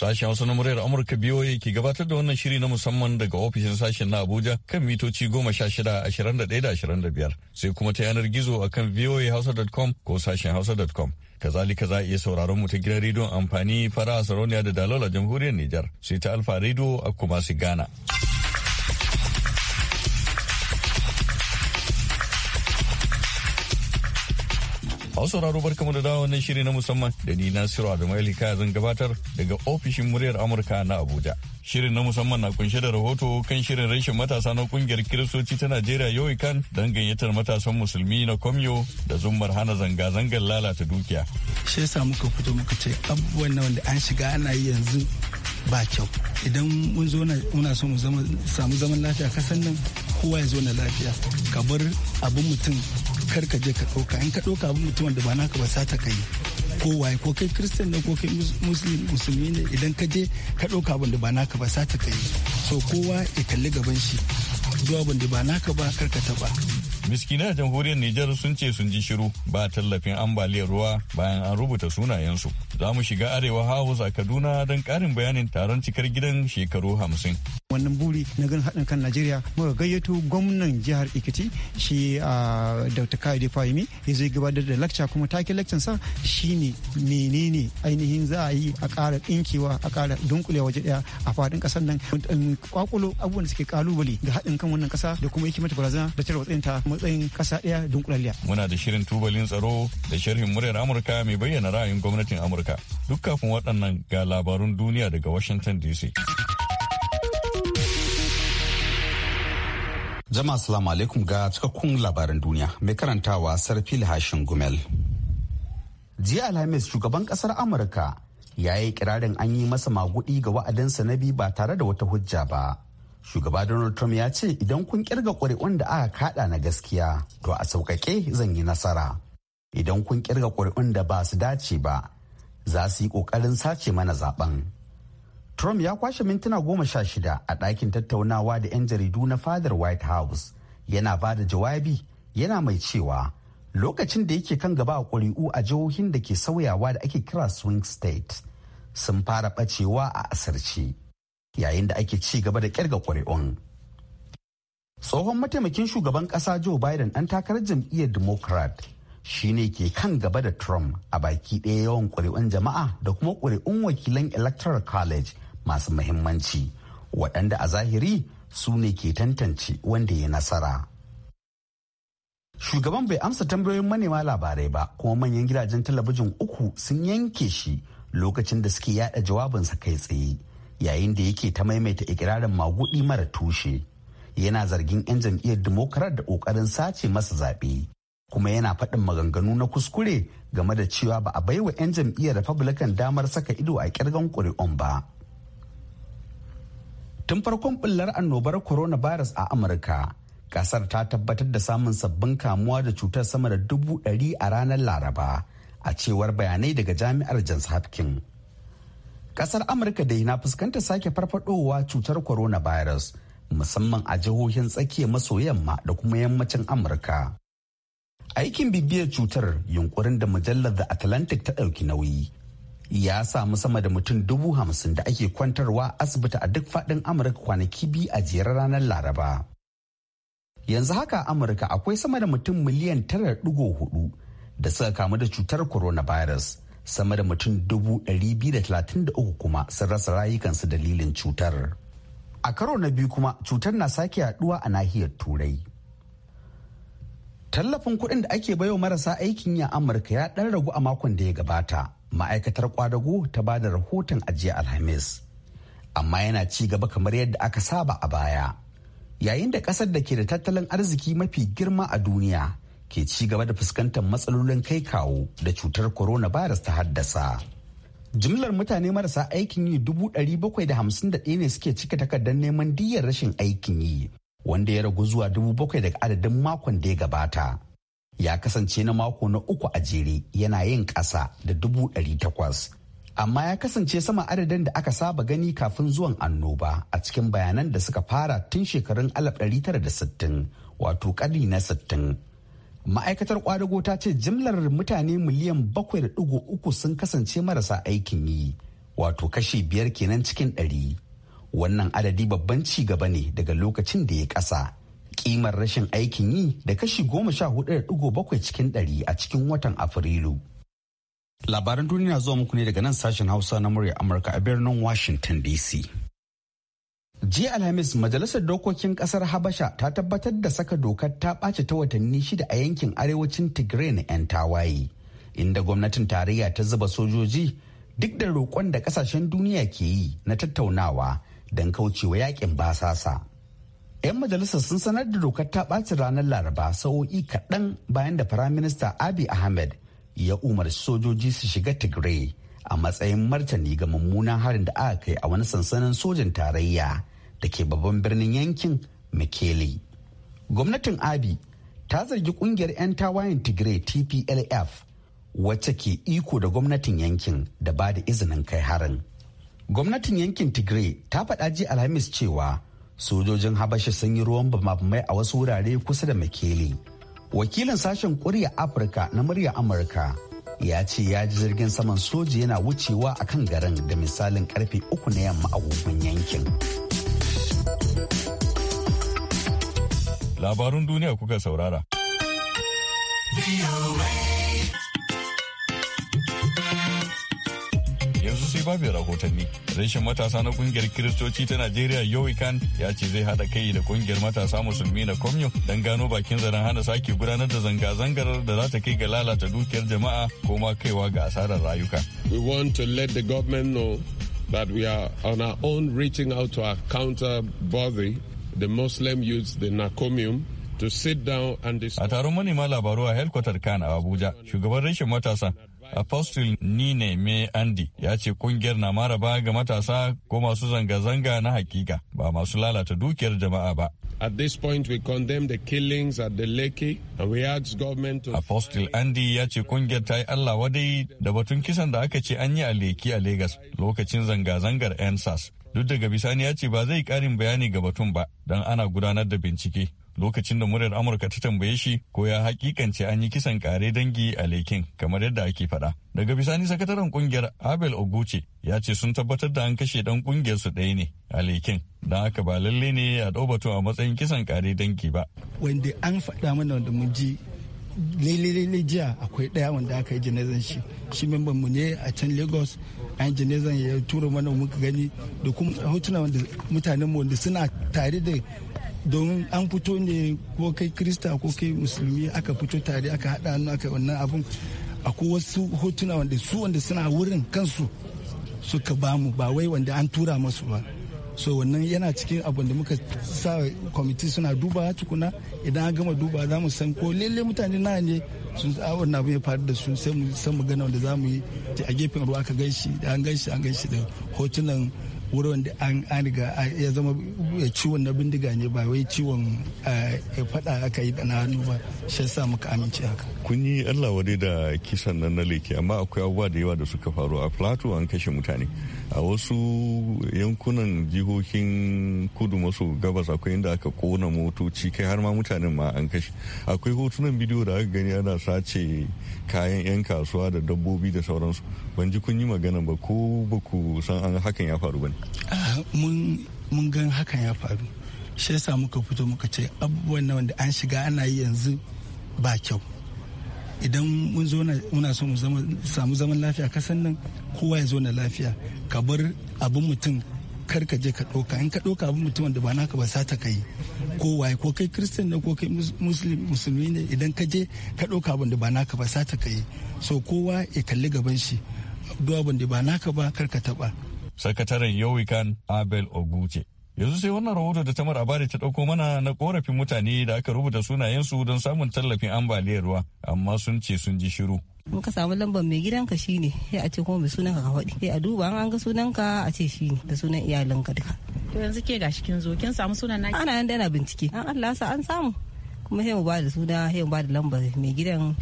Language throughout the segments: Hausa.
Sashen Hausa na muryar Amurka BOA ke gabatar da wannan shiri na musamman daga ofishin sashen na Abuja kan mitoci goma sha shida ashirin da biyar sai kuma ta yanar gizo a kan voahausa.com ko sashen hausa.com. Kazalika za a iya sauraron mu ta gidan rediyon amfani fara sarauniya da dalola jamhuriyar Nijar sai ta Alfa rediyo a kuma su Ghana. Masu sauraro kamar da dawo wannan shiri na musamman da ni Nasiru Adamaili zan gabatar daga ofishin muryar Amurka na Abuja. Shirin na musamman na kunshe da rahoto kan shirin rashin matasa na kungiyar Kiristoci ta Najeriya yau kan don gayyatar matasan musulmi na Komyo da zummar hana zanga-zangar lalata dukiya. Shi yasa muka fito muka ce abubuwan na wanda an shiga ana yi yanzu ba kyau. Idan mun zo muna so mu samu zaman lafiya kasan nan kowa ya zo na lafiya. Ka bar abin mutum kar ka je ka ɗauka in ka ɗauka abin mutumin da ba naka ba sata ka yi ko waye ko kai kristan ne ko kai musulmi ne idan ka je ka ɗauka abin da ba naka ba sata ka yi so kowa ya kalli gaban shi zuwa abin da ba naka ba kar ka taɓa. miskina jamhuriyar Nijar sun ce sun ji shiru ba tallafin ambaliyar ruwa bayan an rubuta sunayensu. Za mu shiga arewa hausa a Kaduna don karin bayanin taron cikar gidan shekaru hamsin wannan buri na ganin haɗin kan najeriya muka gayyato gwamnan jihar ikiti shi a dr kayode fahimi ya zai gabatar da lakca kuma take lakcin sa shine menene ainihin za a yi a ƙara ɗinkewa a ƙara dunkule waje ɗaya a faɗin ƙasar nan kwakulo abubuwan da suke kalubale ga haɗin kan wannan ƙasa da kuma yake mata barazana da tarwa ta matsayin kasa ɗaya dunkulalliya. muna da shirin tubalin tsaro da sharhin muryar amurka mai bayyana ra'ayin gwamnatin amurka duk kafin waɗannan ga labarun duniya daga washington dc. Jama'a salamu alaikum ga cikakkun labaran duniya mai karantawa sarfil hashin gumel. Jiya Alhamis shugaban kasar Amurka ya yi kirarin an yi masa magudi ga wa'adinsa na biyu ba tare da wata hujja ba. Shugaba Donald Trump ya ce idan kun kirga ƙuri'un da aka kaɗa na gaskiya to a sauƙaƙe zan yi nasara. Idan kun kirga ƙuri'un da ba su dace ba za su yi ƙoƙarin sace mana zaben. Trump ya kwashe mintuna goma sha shida a ɗakin tattaunawa da 'yan jaridu na fadar White House yana ba da jawabi yana mai cewa lokacin da yake kan gaba a ƙuri'u a jihohin da ke sauyawa da ake kira swing state sun fara ɓacewa a asirce yayin da ake ci gaba da ƙirga ƙuri'un. Tsohon mataimakin shugaban ƙasa Joe Biden ɗan takarar jam'iyyar Democrat shine ke kan gaba da Trump a baki ɗaya yawan ƙuri'un jama'a da kuma ƙuri'un wakilan Electoral College masu muhimmanci waɗanda a zahiri su ne ke tantance wanda ya nasara. Shugaban bai amsa tambayoyin manema labarai ba kuma manyan gidajen talabijin uku sun yanke shi lokacin da suke yada jawabinsa kai tsaye yayin da yake ta maimaita ikirarin magudi mara tushe. Yana zargin 'yan jam'iyyar Demokrat da ƙoƙarin sace masa zaɓe. kuma yana faɗin maganganu na kuskure game da cewa ba a baiwa 'yan jam'iyyar Republican damar saka ido a ƙirgan ƙuri'un ba. tun farkon bullar annobar coronavirus a amurka kasar ta tabbatar da samun sabbin kamuwa da cutar sama da dubu ɗari a ranar laraba a cewar bayanai daga jami'ar johns hopkins kasar amurka dai na fuskanta sake farfadowa cutar coronavirus musamman a jihohin tsakiya maso yamma da kuma yammacin amurka aikin bibiyar cutar yunkurin da mujallar da atlantic ta ɗauki nauyi ya samu sama da mutum dubu hamsin da ake kwantarwa asibiti a duk faɗin amurka kwanaki biyu a jerar ranar laraba yanzu haka amurka akwai sama da mutum miliyan tara hudu da suka kamu da cutar coronavirus sama da mutum dubu ɗari biyu da talatin da uku kuma sun rasa rayukansu dalilin cutar a karo na biyu kuma cutar na sake yaduwa a nahiyar turai tallafin kuɗin da ake baiwa marasa aikin ya amurka ya ɗan ragu a makon da ya gabata ma'aikatar kwadago ta ba da rahoton ajiya alhamis amma yana ci gaba kamar yadda aka saba a baya yayin da kasar da ke da tattalin arziki mafi girma a duniya ke ci gaba da fuskantar matsalolin kai kawo da cutar corona coronavirus ta haddasa jimlar mutane marasa aikin yi dubu bakwai da hamsin da ɗaya ne suke cika takardar neman diyyar rashin aikin yi wanda ya ragu zuwa dubu bakwai daga adadin makon da ya gabata ya kasance na mako na uku a jere yana yin ƙasa da dubu ɗari takwas. Amma ya kasance sama adadin da aka saba gani kafin zuwan annoba a cikin bayanan da suka fara tun shekarun tara da sittin wato ƙarni na sittin. Ma'aikatar kwadago ta ce jimlar mutane miliyan bakwai da uku sun kasance marasa aikin yi wato kashi biyar kenan cikin ɗari. Wannan adadi babban ci gaba ne daga lokacin da ya ƙasa kimar rashin aikin yi da kashi goma sha hudu da digo bakwai cikin ɗari a cikin watan afrilu labaran duniya zuwa muku ne daga nan sashen hausa na murya amurka a birnin washington dc jiya alhamis majalisar dokokin kasar habasha ta tabbatar da saka dokar ta ɓace ta watanni shida a yankin arewacin tigray na 'yan tawaye inda gwamnatin tarayya ta zuba sojoji duk da roƙon da kasashen duniya ke yi na tattaunawa don kaucewa yakin basasa 'Yan majalisa sun sanar da dokar ta ɓaci ranar Laraba sa'o'i kaɗan bayan da Firaminista Abiy Ahmed ya umarci sojoji su shiga Tigray a matsayin martani ga mummunan harin da aka kai a wani sansanin sojan tarayya da ke babban birnin yankin Mekele. Gwamnatin Abi ta zargi kungiyar 'yan tawayen Tigray TPLF wacce ke iko da gwamnatin yankin da ba da izinin kai harin. Gwamnatin yankin Tigray ta faɗa ji Alhamis cewa sojojin habasha sun yi ruwan bamabamai a wasu wurare kusa da makeli wakilin sashen kuriya afirka na murya amurka ya ce ya ji jirgin saman soji yana wucewa a kan garin da misalin karfe uku na yamma a gugun yankin labarun duniya kuka saurara. sai babu rahotanni. Reshen matasa na kungiyar Kiristoci ta Najeriya Yowikan ya ce zai haɗa kai da kungiyar matasa musulmi na Komyo don gano bakin zaren hana sake gudanar da zanga-zangar da za ta kai ga lalata dukiyar jama'a ko ma kaiwa ga asarar rayuka. We want to let the government know that we are on our own reaching out to our counter-body, the Muslim youth, the to sit down and A taron manema labaru a helkwatar a Abuja, shugaban reshen matasa Apostle Nine Me Andy ya ce kungiyar na maraba ga matasa ko masu zanga-zanga na hakika ba masu lalata dukiyar jama'a ba. At this point we condemn the killings at the lake and we ask government to Apostle Andy ya ce kungiyar ta yi Allah wadai da batun kisan da aka ce an yi a leki a Lagos lokacin zanga-zangar ensas Duk daga bisani ya ce ba zai karin bayani ga batun ba don ana gudanar da bincike. lokacin da muryar Amurka ta tambaye shi ko ya hakikance an yi kisan kare dangi a lekin kamar yadda ake faɗa. Daga bisani sakataren kungiyar Abel oguce ya ce sun tabbatar da an kashe dan kungiyar su ɗaya ne a lekin. Don haka ba lalle ne a ɗaubatu a matsayin kisan kare dangi ba. Wanda an faɗa mana wanda mun ji lalle jiya akwai ɗaya wanda aka yi janazan shi shi memban mu ne a can lagos an janazan ya tura mana muka gani da kuma hotuna wanda mutanen wanda suna tare da domin an fito ne ko kai krista ko kai musulmi aka fito tare aka haɗa hannu aka wannan abun akwai wasu hotuna wanda su wanda suna wurin kansu suka bamu ba wai wanda an tura masu ba so wannan yana cikin abin da muka sa kwamiti suna duba tukuna idan an gama duba za mu san ko lele mutane na ne sun wannan abin ya faru da su sai mu san magana wanda za mu yi a gefen ruwa aka ganshi da an ganshi an da hotunan wurin wanda an riga ya zama ciwon na bindiga ne ba wai ciwon fada aka yi da na hannu ba shi sa muka amince haka kun yi allah wadai da kisan nan na leke amma akwai abubuwa da yawa da suka faru a plato an kashe mutane a wasu yankunan jihohin kudu maso gabas akwai inda aka kona motoci kai har ma mutanen ma an kashe akwai hotunan bidiyo da aka gani ana sace kayan 'yan kasuwa da dabbobi da sauransu ban ji kun yi magana ba ko ba ku san an hakan ya faru ba ne Ah, mun gan hakan ya faru shi yasa muka fito muka ce abubuwan nan da an shiga ana yi yanzu ba kyau idan mun zo muna so mu samu zaman lafiya kasan nan kowa ya zo na lafiya ka bar abin mutum kar ka je ka ɗauka in ka ɗauka abin mutum wanda ba naka ba sa ka yi ko waye ko kai kristan ne ko kai musulmi ne idan ka je ka ɗauka abin da ba naka ba sa ka yi so kowa ya kalli gaban shi duk abin da ba naka ba kar ka taɓa sakataren yowikan abel oguce yanzu sai wannan rahoto da tamar abari ta ɗauko mana na korafin mutane da aka rubuta sunayensu don samun tallafin ambaliyar ruwa amma sun ce sun ji shiru in ka samu lambar mai gidanka shine sai a ce kuma mai sunanka ka kawai sai a duba an ga sunan ka a ce shine da sunan ka duka to yanzu ke gashi kin zo kin samu sunan naki ana yanda ana bincike an Allah sa an samu kuma sai mu ba da suna sai mu ba da lambar mai gidan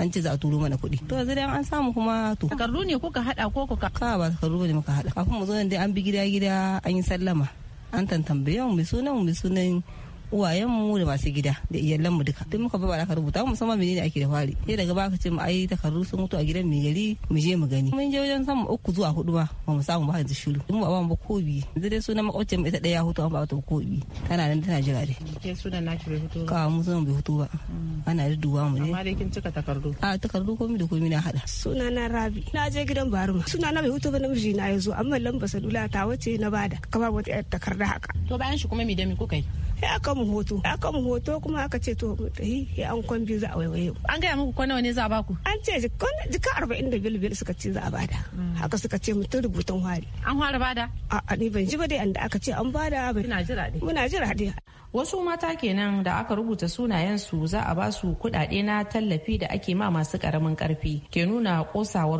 an ce za a turo mana kuɗi to yanzu an samu kuma to takardu ne kuka haɗa ko kuka ka ba takardu ne muka haɗa? kafin mu zo nan dai an bi gida gida an yi sallama an tantambaye mu mai sunan mu mai sunan uwayenmu da masu gida da iyalanmu duka duk muka baba aka rubuta mu musamman menene ake da fari sai daga baka ce mu ai takardu sun mutu a gidan mai gari mu je mu gani mun je wajen samu uku zuwa hudu ba ba mu samu ba yanzu shiru mu ba mu kobi yanzu dai sunan makwabcin mu ita daya hutu an ba ta kobi tana nan tana jira dai ke sunan naki bai hutu ba ka mu sunan bai hutu ba mm. ana duwa mu ne amma dai kin cika takardu a takardu komai da komai na hada sunana rabi na je gidan baruma sunana bai hutu ba namiji na yazo amma lamba salula ta wace na bada kama wata takarda haka to bayan shi kuma me da me ko kai ya aka mu hoto ya aka mu hoto kuma aka ce to tahi ya an kwan biyu za a waiwaye an gaya muku kwana ne za a baku an ce jika arba'in da bilbil suka ce za a bada hmm. haka suka ce mutum rubutun hari an fara bada a ni ban ji ba dai da aka ce an bada muna jira dai muna jira dai wasu mata kenan da aka rubuta sunayensu za a ba su kuɗaɗe na tallafi da ake ma masu karamin karfi ke nuna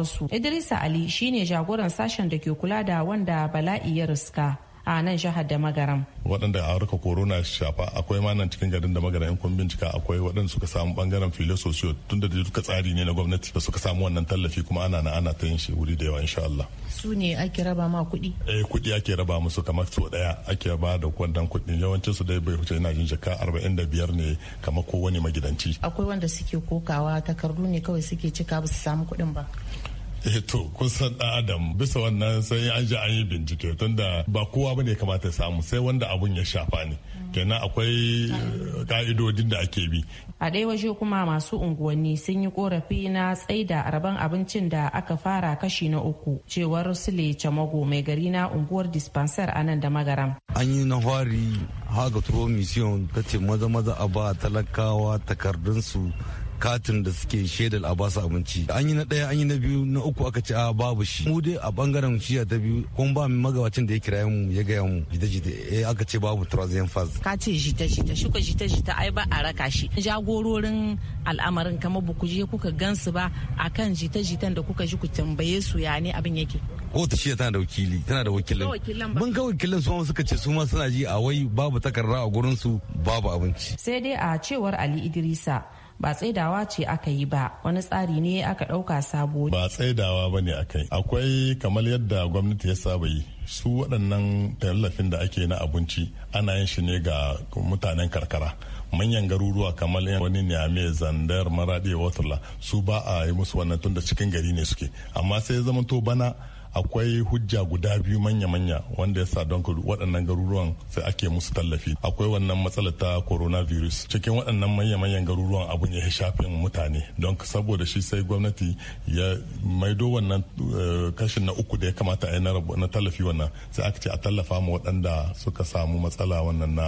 su idrisa ali shine jagoran sashen da ke kula da wanda bala'i ya riska a nan jihar da magaram waɗanda a harkar corona shafa akwai ma nan cikin garin da magaram yan bincika akwai waɗanda suka samu bangaren filo sosiyo tunda da duka tsari ne na gwamnati da suka samu wannan tallafi kuma ana na ana ta yin shi wuri da yawa insha Allah su ne ake raba ma kuɗi eh kuɗi ake raba musu kamar so ɗaya ake ba da wannan kuɗi yawancin su dai bai huce ina jin jaka arba'in da biyar ne kamar kowane magidanci akwai wanda suke kokawa takardu ne kawai suke cika ba su samu kuɗin ba eh to kusan dan adam bisa wannan sai an ji an yi bincike tunda ba kowa bane kamata samu sai wanda abun ya shafa ne kenan akwai eh, ka'idodin da ake bi a ɗaya waje kuma masu unguwanni sun yi korafi na tsaida rabon abincin da aka fara kashi na uku cewar sule chamago mai gari na unguwar dispenser a nan da magaram an yi na fari haka turo mission ta ce maza maza a ba talakawa takardunsu katin da suke shaidar a basu abinci an yi na ɗaya an yi na biyu na uku aka ce a babu shi mu dai a bangaren shiya ta biyu kun ba mu magabacin da ya kira mu ya gaya mu jita jita eh aka ce babu trozen phase ka ce jita jita shuka jita jita ai ba a raka shi jagororin al'amarin kamar ba ku je kuka gansu ba akan jita jitan da kuka ji ku tambaye su ya ne abin yake ta shiya tana da wakili tana da wakilin mun ga wakilin su suka ce su ma suna ji a wai babu takarda a gurin su babu abinci sai dai a cewar ali idrisa ba tsaidawa ce aka yi ba wani tsari ne aka ɗauka sabo. Ba tsaidawa ba ne akai akwai kamar yadda gwamnati ya saba yi su waɗannan tallafin da ake na abinci ana yin shi ne ga mutanen karkara manyan garuruwa kamar yan wani niame zandar maraɗe watula su ba a yi musu wannan tun da cikin gari ne suke amma sai ya zama to bana akwai hujja guda biyu manya-manya wanda ya sa don waɗannan garuruwan sai ake musu tallafi akwai wannan matsala ta coronavirus cikin waɗannan manya-manyan garuruwan abun ya shafin mutane don saboda shi sai gwamnati ya maido wannan eh, kashin na uku da ya kamata a yi na tallafi wannan sai aka ce a tallafa ma waɗanda suka samu matsala wannan na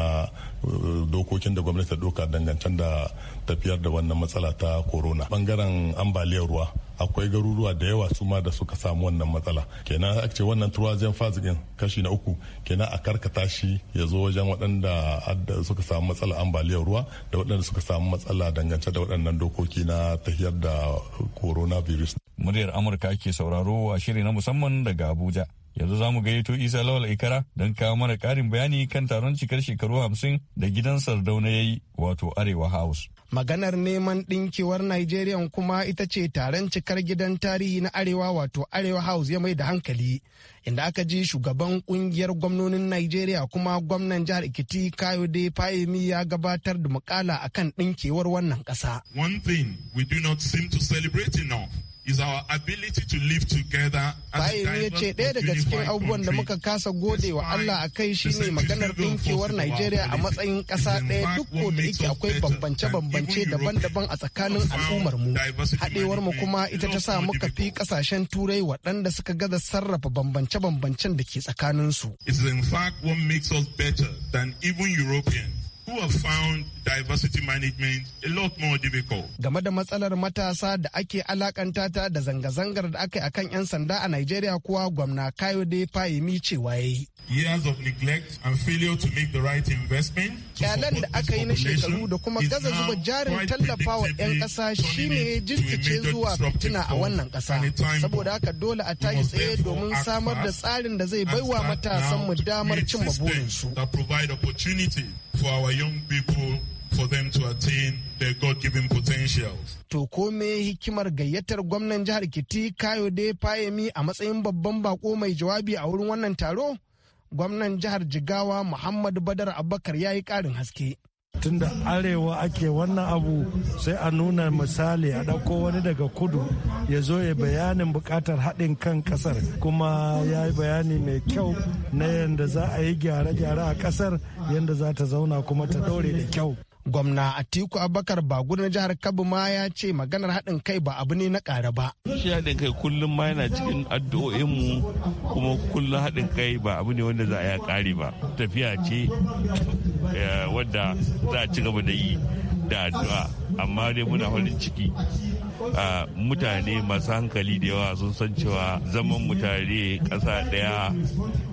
dokokin da gwamnati ta doka dangantan da tafiyar da wannan matsala ta corona bangaren ambaliyar ruwa akwai garuruwa da yawa su ma da suka samu wannan matsala kenan a ce wannan turwajen fazikin kashi na uku kenan a karkata shi ya zo wajen waɗanda suka samu matsala ambaliyar ruwa da waɗanda suka samu matsala dangance da waɗannan dokoki na tafiyar da coronavirus muryar amurka ke sauraro a shiri na musamman daga abuja Yanzu za mu gayyato Isa Lawal Ikara don kawo mana karin bayani kan taron cikar shekaru hamsin da gidan Sardauna ya yi wato Arewa House. Maganar neman ɗinkewar Nigeria kuma ita ce taron cikar gidan tarihi na Arewa wato Arewa House ya mai da hankali inda aka ji shugaban kungiyar gwamnonin Nigeria kuma gwamnan jihar ikiti Kayode Fayemi ya gabatar da mukala akan ɗinkewar wannan ƙasa. One thing we do not seem to celebrate enough is our ability to live together Bayan ya ce ɗaya daga cikin abubuwan da muka kasa gode wa Allah a kai shi ne maganar ɗinkewar Najeriya a matsayin ƙasa ɗaya duk ko da yake akwai bambance-bambance daban-daban a tsakanin al'ummar mu. Haɗewar mu kuma ita ta sa muka fi ƙasashen turai waɗanda suka gaza sarrafa bambance-bambancen da ke tsakanin su. It is in fact what makes us better than even Europeans who have found diversity management a lot more difficult. Game da matsalar matasa da ake alakanta ta da zanga-zangar da aka yi akan 'yan sanda a Nigeria kuwa gwamna Kayode Fahimi cewa yayi. Years of neglect and failure to make the right investment. Kyalan da aka yi na shekaru da kuma gaza zuba jarin tallafawa 'yan ƙasa shine jirkice zuwa fitina a wannan ƙasa. Saboda haka dole a tashi tsaye domin samar da tsarin da zai baiwa matasanmu damar cimma burinsu. provide opportunity for our young people for them to attain their God-given potentials. To kome hikimar gayyatar gwamnan jihar Kiti Kayode Fayemi a matsayin babban bako mai jawabi a wurin wannan taro? Gwamnan jihar Jigawa Muhammad Badar Abubakar ya yi ƙarin haske. tunda arewa ake wannan abu sai a nuna misali a ɗauko wani daga kudu ya zo ya bayanin buƙatar haɗin kan ƙasar kuma ya yi bayani mai kyau na yadda za a yi gyare-gyare a ƙasar yadda za ta zauna kuma ta ɗore da kyau gwamna atiku Abakar bagu na jihar kabu ma ya ce maganar haɗin kai ba abu ne na ƙara ba shi haɗin kai kullum ma yana cikin addu'o'inmu kuma kullum haɗin kai ba abu ne wanda za a ya ƙare ba tafiya ce eh, wadda za a ci gaba da yi da addu'a amma dai muna farin ciki ah, mutane masu hankali da yawa sun san cewa zaman mutane ƙasa ɗaya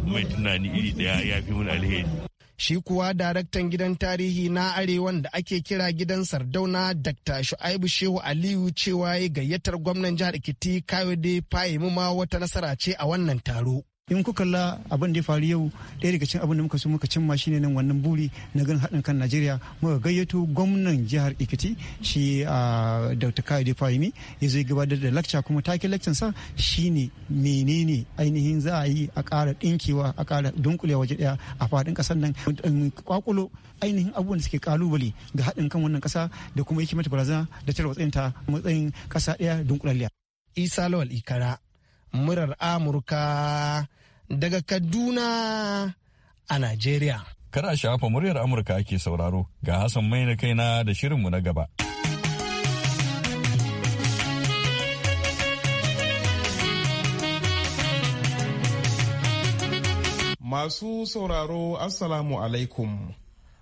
mai tunani iri ɗaya ya fi mun alheri shi kuwa daraktan gidan tarihi na arewan da ake kira gidan sardauna dr shu'aibu shehu aliyu cewa gayyatar gwamnan jihar ikiti kayode fahimu ma wata nasara ce a wannan taro in kuka kalla abin da ya faru yau ɗaya daga cikin abin da muka so muka cimma shine nan wannan buri na gan haɗin kan najeriya muka gayyato gwamnan jihar Ekiti shi a dr kaide fahimi ya zai gabatar da lakca kuma take lecture sa shine menene ainihin za a yi a ƙara ɗinkewa a ƙara dunkule waje ɗaya a faɗin ƙasar nan kwakulo ainihin abubuwan da suke kalubale ga haɗin kan wannan ƙasa da kuma yake mata barazana da tarwatsinta matsayin ƙasa ɗaya dunkulalliya isa lawal ikara murar Amurka daga Kaduna a Najeriya. Kada shafa muryar Amurka ake sauraro ga Hassan mai na kaina da shirinmu na gaba. Masu sauraro Assalamu alaikum.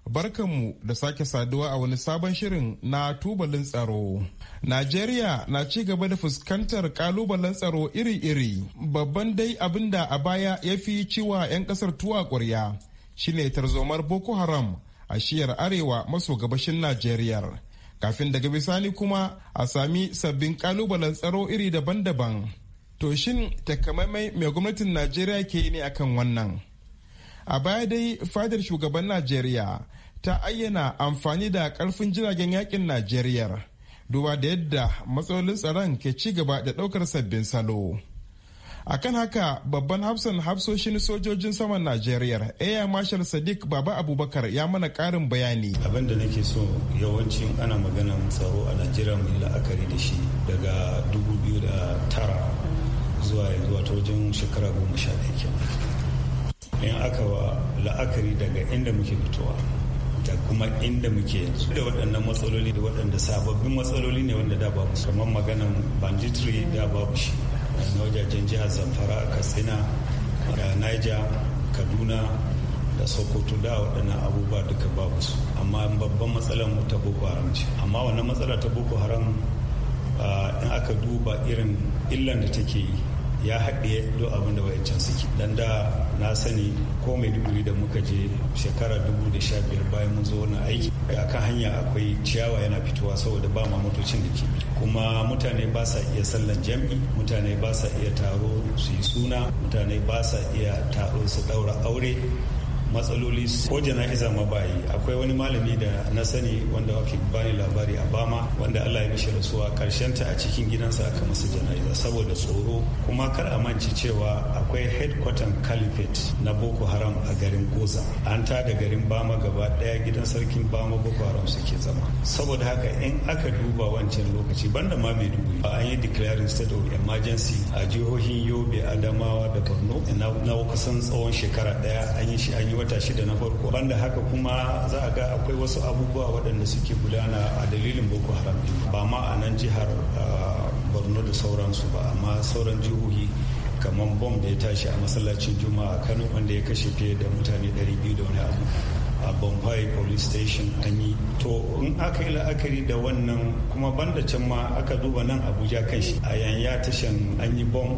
Barkanmu da sake saduwa a wani sabon shirin na tubalin tsaro. Najeriya na ci gaba da fuskantar kalubalen tsaro iri-iri. Babban dai abin da a baya ya fi ciwa 'yan kasar tuwa ƙwarya shine tarzomar Boko Haram a shiyar arewa maso gabashin Najeriya. Kafin daga bisani kuma a sami sabbin kalubalen tsaro iri daban-daban. To shin takamaimai mai gwamnatin Najeriya ke yi ne akan wannan? A baya dai fadar shugaban Najeriya ta ayyana amfani da karfin jiragen yakin najeriya duba da yadda matsalolin tsaron ke ci gaba da daukar sabbin salo akan haka babban hafsan hafsoshin sojojin saman najeriya air marshal sadiq baba abubakar ya mana karin bayani abin da nake so yawancin ana maganan tsaro a najeriya mai la'akari da shi daga 2009 zuwa yanzu wato wajen shekara goma sha ɗaya in aka wa la'akari daga inda muke fitowa da kuma inda muke yanzu da waɗannan matsaloli da waɗanda sababbin matsaloli ne wanda da babu kamar maganan banditry da babu shi na wajajen jihar zamfara katsina da niger kaduna da sokoto da waɗannan abubuwa duka babu su amma babban matsalar mu ta boko haram ce amma wannan matsala ta boko haram ah, in aka duba irin illan da take yi ya haɗe duk abin da wayancan suke dan da na sani ko mai maiduguri da muka je shekara dubu da sha biyar bayan mun zo wani aiki a kan hanya akwai ciyawa yana fitowa saboda ba ma motocin da ke kuma mutane ba sa iya sallan jam'i mutane ba sa iya taro su yi suna mutane ba sa iya taro su daura aure matsaloli ko jana'iza ma bayi akwai wani malami da na sani wanda wake bani labari a bama wanda Allah ya mishi rasuwa karshen ta a cikin gidansa aka masa jana'iza saboda tsoro kuma kar a manci cewa akwai headquarter caliphate na Boko Haram a garin Goza an ta da garin Bama gaba daya gidan sarkin Bama Boko Haram suke zama saboda haka in aka duba wancan lokaci banda ma mai dubu an yi declaring state of emergency a jihohin Yobe Adamawa da Borno na kusan tsawon shekara daya an yi shi an yi wata shida na farko banda haka kuma za a ga akwai wasu abubuwa waɗanda suke gudana a dalilin boko haram ba ma a nan jihar ah, borno da sauransu ba amma sauran jihohi kamar bom da ya tashi a masallacin juma'a kano wanda ya kashe fiye da mutane 200 da wani abu a bombay police station an yi to in aka yi la'akari da wannan kuma banda can ma aka duba nan abuja kan shi a yanya tashan an yi bom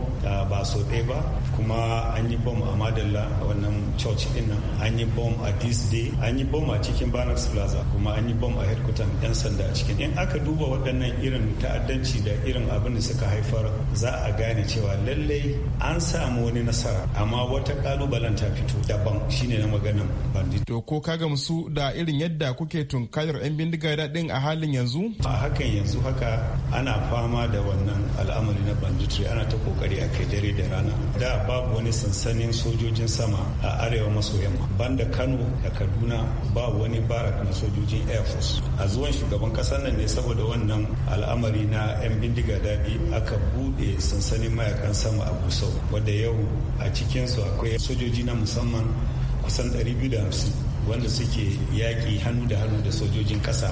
ba so ɗaya ba kuma an yi bom a madalla a wannan church din nan an yi bom a this day an yi bom a cikin banax plaza kuma an yi bom a headquarters yan sanda a cikin in aka duba waɗannan irin ta'addanci da irin abin da suka haifar za a gane cewa lallai an samu wani nasara amma wata kalubalen ta fito daban shine na maganan bandit ko ka gamsu da irin yadda kuke tunkayar 'yan bindiga daɗin a halin yanzu? A hakan yanzu haka ana fama da wannan al'amari na banditry ana ta kokari a kai dare da rana. Da babu wani sansanin sojojin sama a arewa maso yamma. Banda Kano da Kaduna ba wani barak na sojojin Air Force. A zuwan shugaban kasar nan ne saboda wannan al'amari na 'yan bindiga daɗi aka buɗe sansanin mayakan sama a Gusau. Wanda yau a cikinsu akwai sojoji na musamman kusan 250 wanda suke yaƙi hannu da hannu da sojojin ƙasa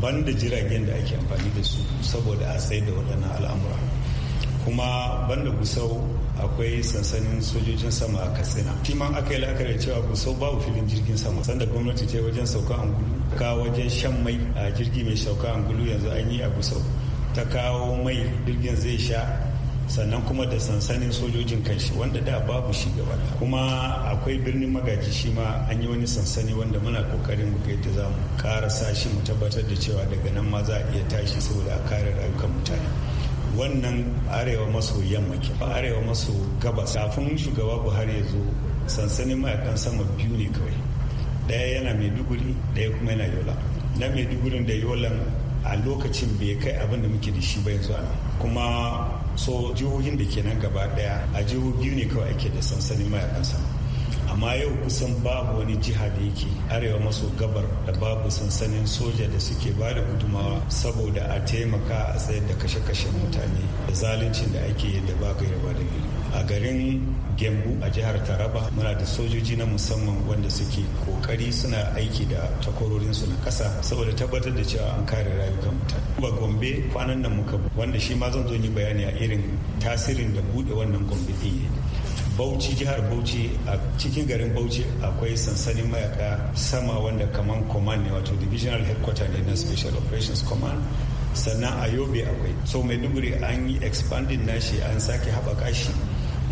banda jiragen da ake amfani da su saboda a tsaye da waɗannan al'amura kuma banda gusau akwai sansanin sojojin sama a katsina timan aka yi la'akari cewa gusau babu filin jirgin sama sanda gwamnati ce wajen sauka angulu ka wajen shan mai a jirgi mai sauka angulu yanzu an yi a gusau ta kawo mai jirgin zai sha sannan kuma da sansanin sojojin kanshi wanda da babu shi gaba kuma akwai birnin magaji shi ma an yi wani sansani wanda muna kokarin mu yadda za mu kara sashi mu tabbatar da cewa daga nan ma za a iya tashi saboda a kare rayukan mutane wannan arewa maso yamma ke arewa maso gabas kafin shugaba buhari ya zo sansanin mayakan sama biyu ne kawai daya yana mai duguri daya kuma yana yola na mai dugurin da yolan a lokacin bai kai abin da muke da shi ba yanzu ana kuma so jihohin da ke nan gaba daya a jiho biyu ne kawai ake da sansanin mayakan sama amma yau kusan babu wani jiha da yake arewa maso gabar da babu sansanin soja da suke ba da gudumawa saboda a taimaka a tsayar da kashe-kashen mutane da zaluncin da ake yi da ba gaira da dalili a garin gembu a jihar taraba muna da sojoji na musamman wanda suke kokari suna aiki da takwarorinsu na kasa saboda tabbatar da cewa an kare rayukan mutane ba gombe kwanan nan muka wanda shi ma zan zo yi bayani a irin tasirin da bude wannan gombe ɗin bauchi jihar bauchi a cikin garin bauchi akwai sansanin mayaka sama wanda kaman command ne wato divisional headquarter ne na special operations command sannan a yobe akwai so maiduguri an yi expanding nashi an sake haɓaka shi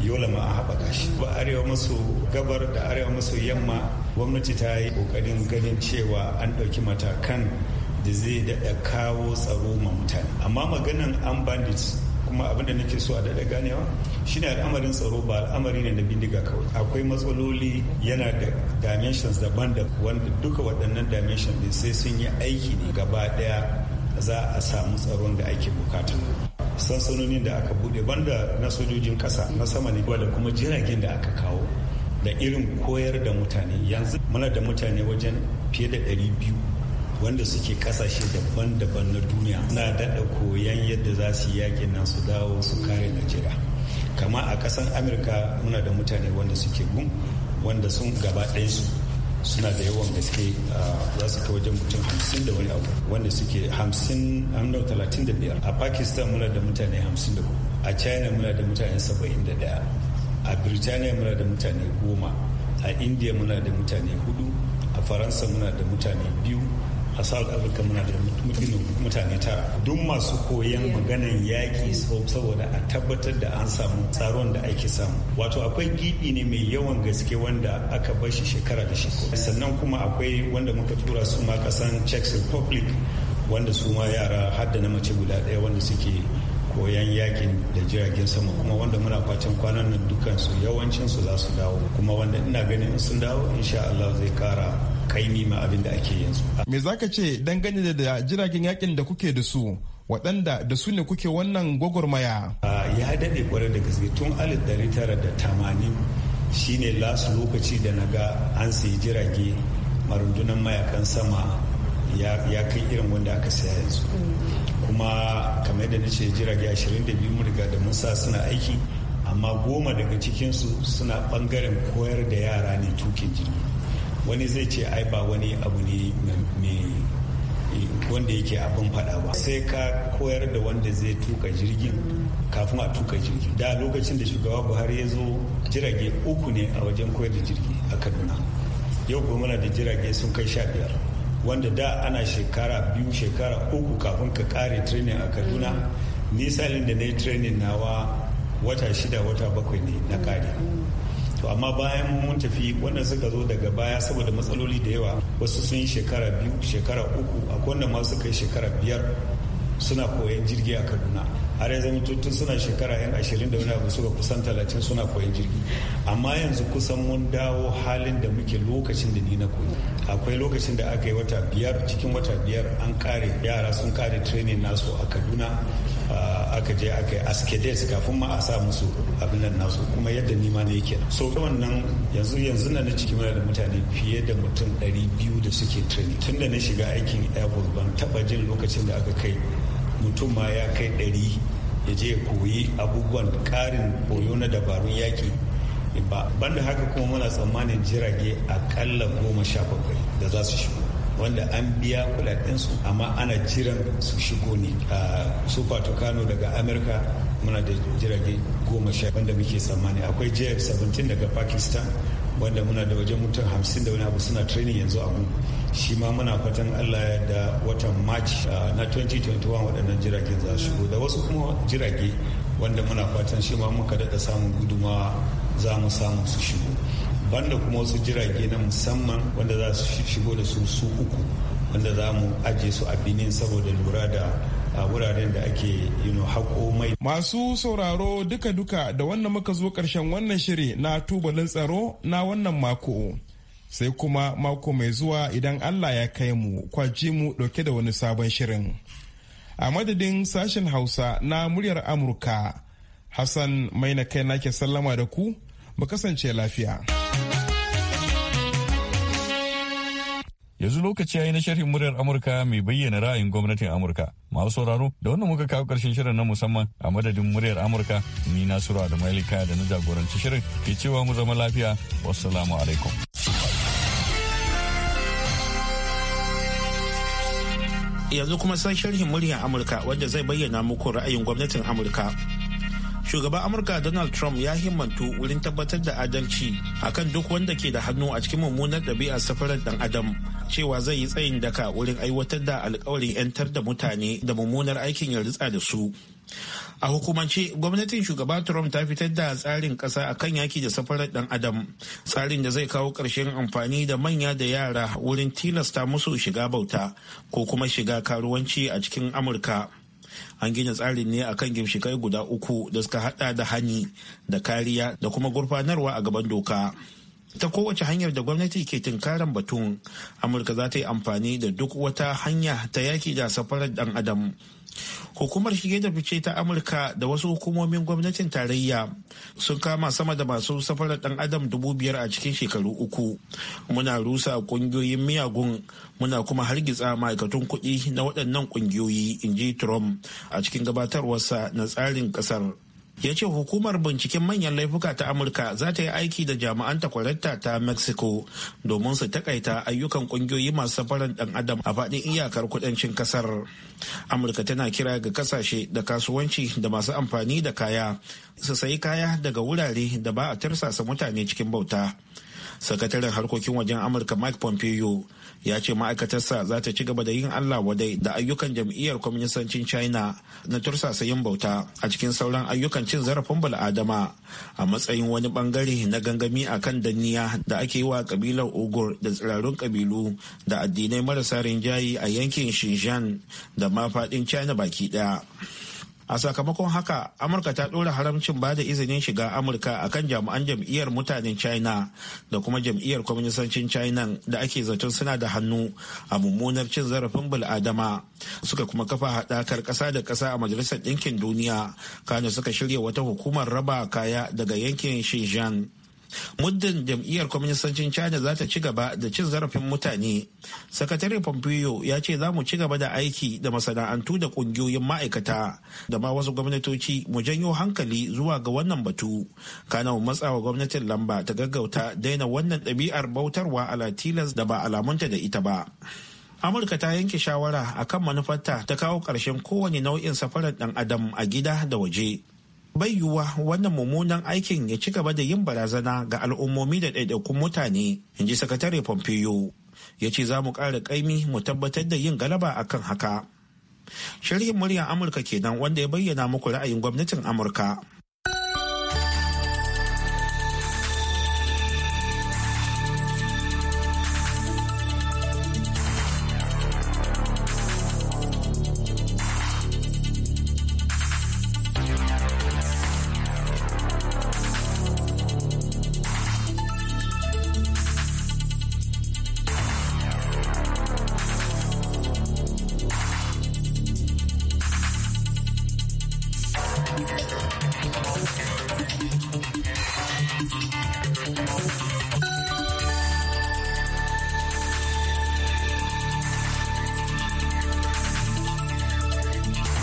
yola ma a haɓaka shi ba arewa maso gabar da arewa maso yamma gwamnati ta yi ƙoƙarin ganin cewa an ɗauki matakan da zai daɗa kawo tsaro ma mutane amma maganan an bandit kuma abinda nake so a daɗa ganewa shine al'amarin tsaro ba al'amari ne na bindiga kawai akwai matsaloli yana da dimensions daban da wanda duka waɗannan dimensions sai sun yi aiki ne gaba ɗaya za a samu tsaron da ake bukata sansanonin da aka bude banda na sojojin kasa na sama ne da kuma jiragen da aka kawo da irin koyar da mutane yanzu muna da mutane wajen fiye da 200 wanda suke kasashe daban-daban na duniya na daɗa koyan yadda za su yi nan su dawo su kare najeriya kama a kasan amurka muna da mutane wanda suke gun wanda sun gaba ɗaya su suna da yawan gaske za su kai wajen mutum hamsin da wani abu wanda suke hamsin amna talatin da biyar a pakistan muna da mutane hamsin da a china muna da mutane saba'in da daya a birtaniya muna da mutane goma a india muna da mutane hudu a faransa muna da mutane biyu a south africa muna da mutane tara duk masu koyan maganan yaƙi saboda a tabbatar da an samu tsaron da ake samu wato akwai gibi ne mai yawan gaske wanda aka bar shi shekara da shekara sannan kuma akwai wanda muka tura su ma kasan czech republic wanda su ma yara hadda na mace guda ɗaya wanda suke koyan yakin da jiragen sama kuma wanda muna fatan kwanan nan dukansu yawancinsu za su dawo kuma wanda ina ganin sun dawo insha zai kara kaimi ma abin da ake yanzu. Me za ka ce dangane da jiragen yakin da kuke da su waɗanda da su ne kuke wannan gwagwarmaya? Ya daɗe kwarai da gaske tun alif ɗari tara da tamanin ne lasu lokaci da na ga an sayi jirage marundunan mayakan sama ya kai irin wanda aka saya yanzu. Kuma kamar da na ce jirage biyu mun riga da mun suna aiki amma goma daga cikinsu suna ɓangaren koyar da yara ne tukin jini. wani zai ce ai ba wani abu ne wanda yake abin fada ba sai ka koyar da wanda zai tuka jirgin kafin a tuka jirgin da lokacin da shugaba buhari ya zo jirage uku ne a wajen koyar da jirgi a kaduna yau gwamna da jirage sun kai sha biyar wanda da ana shekara biyu shekara uku kafin ka kare training a kaduna nisa da na yi training nawa wata shida wata bakwai ne na kare to amma bayan mun tafi wanda suka zo daga baya saboda matsaloli da yawa wasu sun yi shekara biyu shekara uku akwai wanda ma suka yi shekara biyar suna koyan jirgi a kaduna har yanzu mutuntun suna shekara yan ashirin da wani abu suka kusan talatin suna koyan jirgi amma yanzu kusan mun dawo halin da muke lokacin da ni na koyi akwai lokacin da aka yi wata biyar cikin wata biyar an kare yara sun kare training nasu a kaduna Ah, aka je aka yi askedes kafin ma a sa musu abin nan nasu kuma yadda nima ne yake so wannan yanzu yanzu na ciki mana da mutane fiye da mutum 200 da suke training tun da na shiga aikin airport ban taba jin lokacin da aka kai mutum ma ya kai ɗari ya je ya koyi abubuwan karin koyo na dabarun yaki ba banda haka kuma muna tsammanin jirage akalla goma sha bakwai da za su shigo wanda an biya kudadensu amma ana jiran su shigo ne a super tukano daga amurka muna da jirage goma sha wanda muke tsammani akwai jf 17 daga pakistan wanda muna da wajen mutum hamsin da wani abu suna training yanzu a mu shi ma muna fatan allah ya da watan march na 2021 waɗannan jiragen za su shigo da wasu kuma jirage wanda muna fatan shi ma muka daɗa samun gudumawa za mu samu su shigo banda kuma wasu jirage na musamman wanda za su shigo da su su uku wanda za mu aje su a binin saboda lura da wuraren da ake yi haƙo mai. Masu sauraro duka-duka da wannan muka zo karshen wannan shiri na tubalin tsaro na wannan mako. Sai kuma mako mai zuwa idan Allah ya kai mu kwaji mu dauke da wani sabon shirin. A madadin sashen Hausa na muryar Amurka, Hassan mai na kai nake sallama da ku. mu kasance lafiya yanzu lokaci yi na sharhin muryar Amurka mai bayyana ra'ayin gwamnatin Amurka. Masu sauraro da wannan muka kawo karshen shirin na musamman a madadin muryar Amurka ni Nasiru da kaya da na jagoranci shirin ke cewa mu zama lafiya. Wassalamu alaikum. Yanzu kuma san sharhin muryar Amurka wanda zai bayyana muku ra'ayin gwamnatin Amurka. shugaban amurka donald trump ya himmantu wurin tabbatar da adalci akan duk wanda ke da hannu a cikin mummunar ɗabi'ar safarar dan adam cewa zai yi tsayin daka wurin aiwatar da alkawarin 'yantar da mutane da mummunar aikin ya ritsa da su a hukumance gwamnatin shugaba trump ta fitar da tsarin kasa a kan yaki da safarar dan adam tsarin da zai kawo ƙarshen amfani da manya da yara wurin tilasta musu shiga bauta ko kuma shiga karuwanci a cikin amurka an gina tsarin ne akan gimshikai guda uku da suka hada da hani da kariya da kuma gurfanarwa a gaban doka ta kowace hanyar da gwamnati ke tunkaran batun amurka za ta yi amfani da duk wata hanya ta yaki da safarar dan adam hukumar shige da fice ta amurka da wasu hukumomin gwamnatin tarayya sun kama sama da masu safarar dan adam dubu biyar a cikin shekaru uku muna rusa kungiyoyin miyagun muna kuma hargitsa ma'aikatun kuɗi na waɗannan kungiyoyi in ji trump a cikin gabatarwarsa na tsarin ƙasar ya ce hukumar binciken manyan laifuka ta amurka za ta yi aiki da jami'an takwararta ta mexico domin su takaita ayyukan kungiyoyi masu safaran dan adam a faɗin iyakar kudancin kasar amurka tana kira ga kasashe da kasuwanci da masu amfani da kaya su sayi kaya daga wurare da ba a tarsasa mutane cikin bauta sakataren harkokin wajen amurka mike pompeo ya ce ma'aikatarsa za ta ci gaba da yin allah wadai da ayyukan jam'iyyar kwaminisancin china na tursasa yin bauta a cikin sauran ayyukan cin zarafin bal'adama a matsayin wani bangare na gangami a kan danniya da ake yi wa kabilar ugur da tsirarun kabilu da addinai marasa rinjayi a yankin xinjiang da ma faɗin china baki ɗaya a sakamakon haka amurka ta ɗora haramcin ba da izinin shiga amurka a kan jami'an jam'iyyar mutanen china da kuma jam'iyyar kwaminisancin china da ake zaton suna da hannu a mummunar cin zarafin bil'adama suka kuma kafa haɗakar ƙasa da ƙasa a majalisar ɗinkin duniya kano suka shirya wata hukumar raba kaya daga yankin xinjiang muddin jam'iyyar kwaminisancin china za ta ci gaba da cin zarafin mutane sakatare pompeo ya ce za mu ci gaba da aiki da masana'antu da ƙungiyoyin ma'aikata da ma wasu gwamnatoci mu janyo hankali zuwa ga wannan batu kana mu matsawa gwamnatin lamba ta gaggauta daina wannan ɗabi'ar bautarwa a tilas da ba alamunta da ita ba amurka ta yanke shawara akan manufarta ta kawo ƙarshen kowane nau'in safarar ɗan adam a gida da waje bai yiwuwa wannan mummunan aikin ya ci gaba da yin barazana ga al'ummomi da ɗaiɗaikun mutane in ji sakatare pompeo ya ce za mu ƙara ƙaimi mu tabbatar da yin galaba a kan haka shirin muryar amurka kenan wanda ya bayyana muku ra'ayin gwamnatin amurka